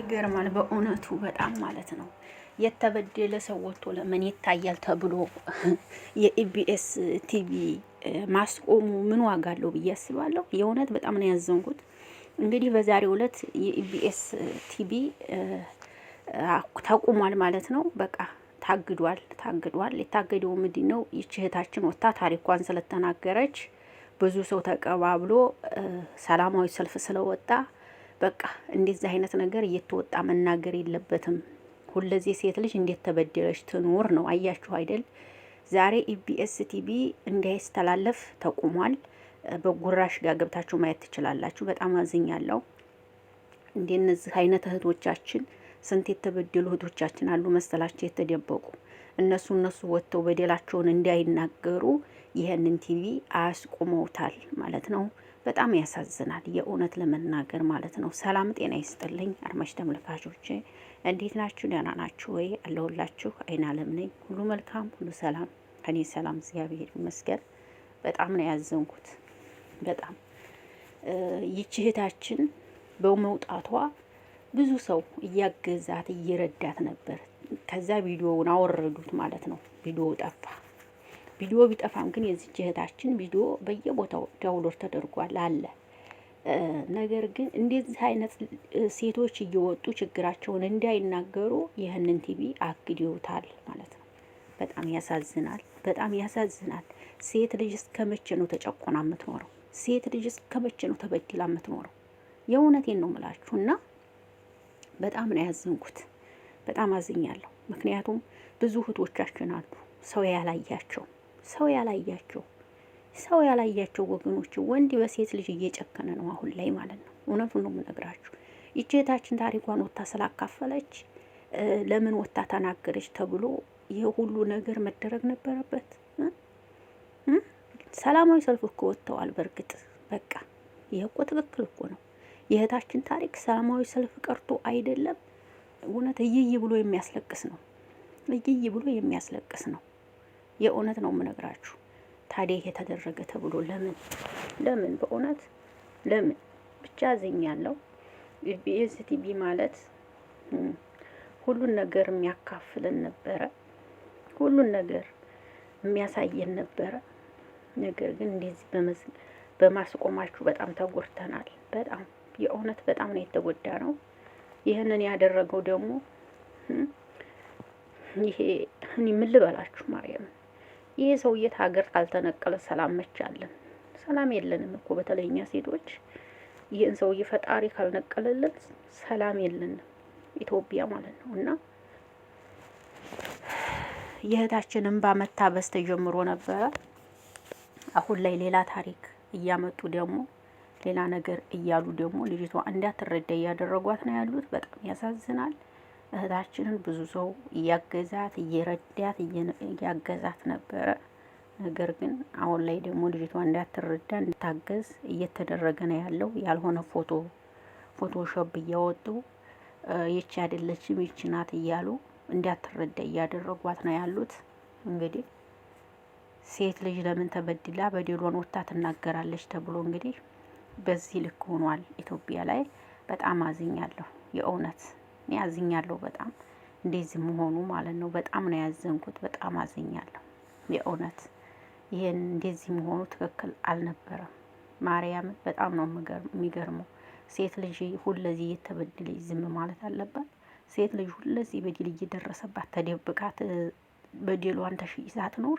ይገርማል በእውነቱ በጣም ማለት ነው። የተበደለ ሰው ወጥቶ ለምን ይታያል ተብሎ የኢቢኤስ ቲቪ ማስቆሙ ምን ዋጋ አለው ብዬ አስባለሁ። የእውነት በጣም ነው ያዘንኩት። እንግዲህ በዛሬው ዕለት የኢቢኤስ ቲቪ ተቁሟል ማለት ነው። በቃ ታግዷል፣ ታግዷል። የታገደው ምንድን ነው? ይቺ እህታችን ወጥታ ታሪኳን ስለተናገረች ብዙ ሰው ተቀባብሎ ሰላማዊ ሰልፍ ስለወጣ በቃ እንደዚህ አይነት ነገር እየተወጣ መናገር የለበትም። ሁለዚህ ሴት ልጅ እንዴት ተበደለች ትኑር ነው። አያችሁ አይደል? ዛሬ ኢቢኤስ ቲቪ እንዳይስተላለፍ ተቁሟል። በጉራሽ ጋር ገብታችሁ ማየት ትችላላችሁ። በጣም አዝኛለሁ። እነዚህ አይነት እህቶቻችን ስንት የተበደሉ እህቶቻችን አሉ መሰላቸው የተደበቁ እነሱ እነሱ ወጥተው በደላቸውን እንዳይናገሩ ይህንን ቲቪ አያስቁመውታል ማለት ነው። በጣም ያሳዝናል። የእውነት ለመናገር ማለት ነው። ሰላም ጤና ይስጥልኝ አድማጭ ተመልካቾቼ እንዴት ናችሁ? ደህና ናችሁ ወይ? አለሁላችሁ። አይን አለም ነኝ። ሁሉ መልካም፣ ሁሉ ሰላም። እኔ ሰላም እግዚአብሔር ይመስገን። በጣም ነው ያዘንኩት። በጣም ይች እህታችን በመውጣቷ ብዙ ሰው እያገዛት እየረዳት ነበር። ከዛ ቪዲዮውን አወረዱት ማለት ነው። ቪዲዮው ጠፋ። ቪዲዮ ቢጠፋም ግን የዚች እህታችን ቪዲዮ በየቦታው ዳውንሎድ ተደርጓል አለ። ነገር ግን እንደዚህ አይነት ሴቶች እየወጡ ችግራቸውን እንዳይናገሩ ይህንን ቲቪ አግደውታል ማለት ነው። በጣም ያሳዝናል። በጣም ያሳዝናል። ሴት ልጅ እስከመቼ ነው ተጨቆና የምትኖረው? ሴት ልጅ እስከመቼ ነው ተበድላ የምትኖረው? የእውነቴን ነው የምላችሁ እና በጣም ነው ያዘንኩት። በጣም አዝኛለሁ። ምክንያቱም ብዙ እህቶቻችን አሉ ሰው ያላያቸው ሰው ያላያቸው ሰው ያላያቸው ወገኖች ወንድ በሴት ልጅ እየጨከነ ነው አሁን ላይ ማለት ነው። እውነቱን ነው የምነግራችሁ። እህታችን ታሪኳን ወታ ስላካፈለች ለምን ወታ ተናገረች ተብሎ ይህ ሁሉ ነገር መደረግ ነበረበት? ሰላማዊ ሰልፍ እኮ ወጥተዋል። በእርግጥ በቃ ይህ እኮ ትክክል እኮ ነው። የእህታችን ታሪክ ሰላማዊ ሰልፍ ቀርቶ አይደለም እውነት እይይ ብሎ የሚያስለቅስ ነው። እይይ ብሎ የሚያስለቅስ ነው። የእውነት ነው የምነግራችሁ። ታዲያ ይሄ ተደረገ ተብሎ ለምን ለምን በእውነት ለምን ብቻ አዝኝ ያለው ማለት ሁሉን ነገር የሚያካፍልን ነበረ፣ ሁሉን ነገር የሚያሳየን ነበረ። ነገር ግን እንደዚህ በማስቆማችሁ በጣም ተጎድተናል። በጣም የእውነት በጣም ነው የተጎዳ ነው። ይህንን ያደረገው ደግሞ ይሄ እኔ ምን ልበላችሁ ማርያምን ይሄ ሰውየት ሀገር ካልተነቀለ ሰላም መቻለን ሰላም የለንም እኮ በተለይ እኛ ሴቶች ይህን ሰውዬ ፈጣሪ ካልነቀለልን ሰላም የለንም ኢትዮጵያ ማለት ነው። እና የእህታችን እንባ መታበስ ተጀምሮ ነበረ። አሁን ላይ ሌላ ታሪክ እያመጡ ደግሞ ሌላ ነገር እያሉ ደግሞ ልጅቷ እንዳትረዳ እያደረጓት ነው ያሉት። በጣም ያሳዝናል። እህታችንን ብዙ ሰው እያገዛት እየረዳት እያገዛት ነበረ። ነገር ግን አሁን ላይ ደግሞ ልጅቷ እንዳትረዳ እንድታገዝ እየተደረገ ነው ያለው። ያልሆነ ፎቶ ፎቶሾፕ እያወጡ ይቺ አይደለችም ይቺ ናት እያሉ እንዳትረዳ እያደረጓት ነው ያሉት። እንግዲህ ሴት ልጅ ለምን ተበድላ በደሏን ወጥታ ትናገራለች ተብሎ እንግዲህ በዚህ ልክ ሆኗል ኢትዮጵያ ላይ። በጣም አዝኛለሁ የእውነት እኔ አዝኛለሁ። በጣም እንደዚህ መሆኑ ማለት ነው። በጣም ነው ያዘንኩት። በጣም አዝኛለሁ። የእውነት ይሄን እንደዚህ መሆኑ ትክክል አልነበረም። ማርያምን በጣም ነው የሚገርመው። ሴት ልጅ ሁለዚህ እየተበደለች ዝም ማለት አለባት? ሴት ልጅ ሁለዚህ በደል እየደረሰባት ተደብቃት በደሏን ተሽይዛት ኖር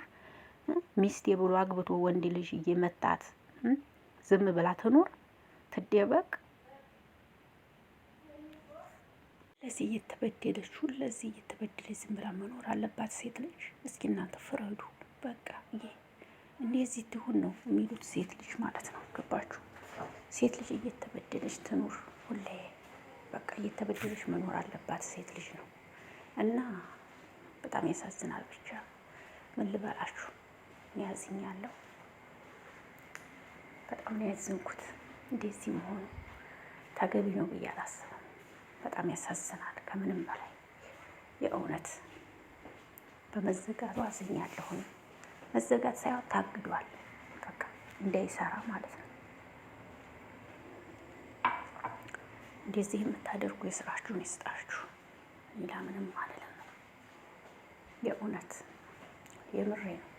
ሚስቴ ብሎ አግብቶ ወንድ ልጅ እየመታት ዝም ብላ ትኖር? ትደበቅ? ለዚህ እየተበደለች ሁለዚህ እየተበደለች ዝም ብላ መኖር አለባት ሴት ልጅ? እስኪ እናንተ ፍረዱ። በቃ ይሄ እንደዚህ ትሁን ነው የሚሉት ሴት ልጅ ማለት ነው። ገባችሁ? ሴት ልጅ እየተበደለች ትኑር ሁሌ። በቃ እየተበደለች መኖር አለባት ሴት ልጅ ነው እና በጣም ያሳዝናል። ብቻ ምን ልበላችሁ፣ ያዝኛለሁ። በጣም ነው ያዝንኩት። እንደዚህ መሆኑ ተገቢ ነው ብዬ አላስብም። በጣም ያሳዝናል ከምንም በላይ የእውነት በመዘጋቱ አዝኛለሁኝ። መዘጋት ሳይሆን ታግዷል፣ በቃ እንዳይሰራ ማለት ነው። እንደዚህ የምታደርጉ የስራችሁን ይስጣችሁ። ሌላ ምንም አልልም። የእውነት የምሬ ነው።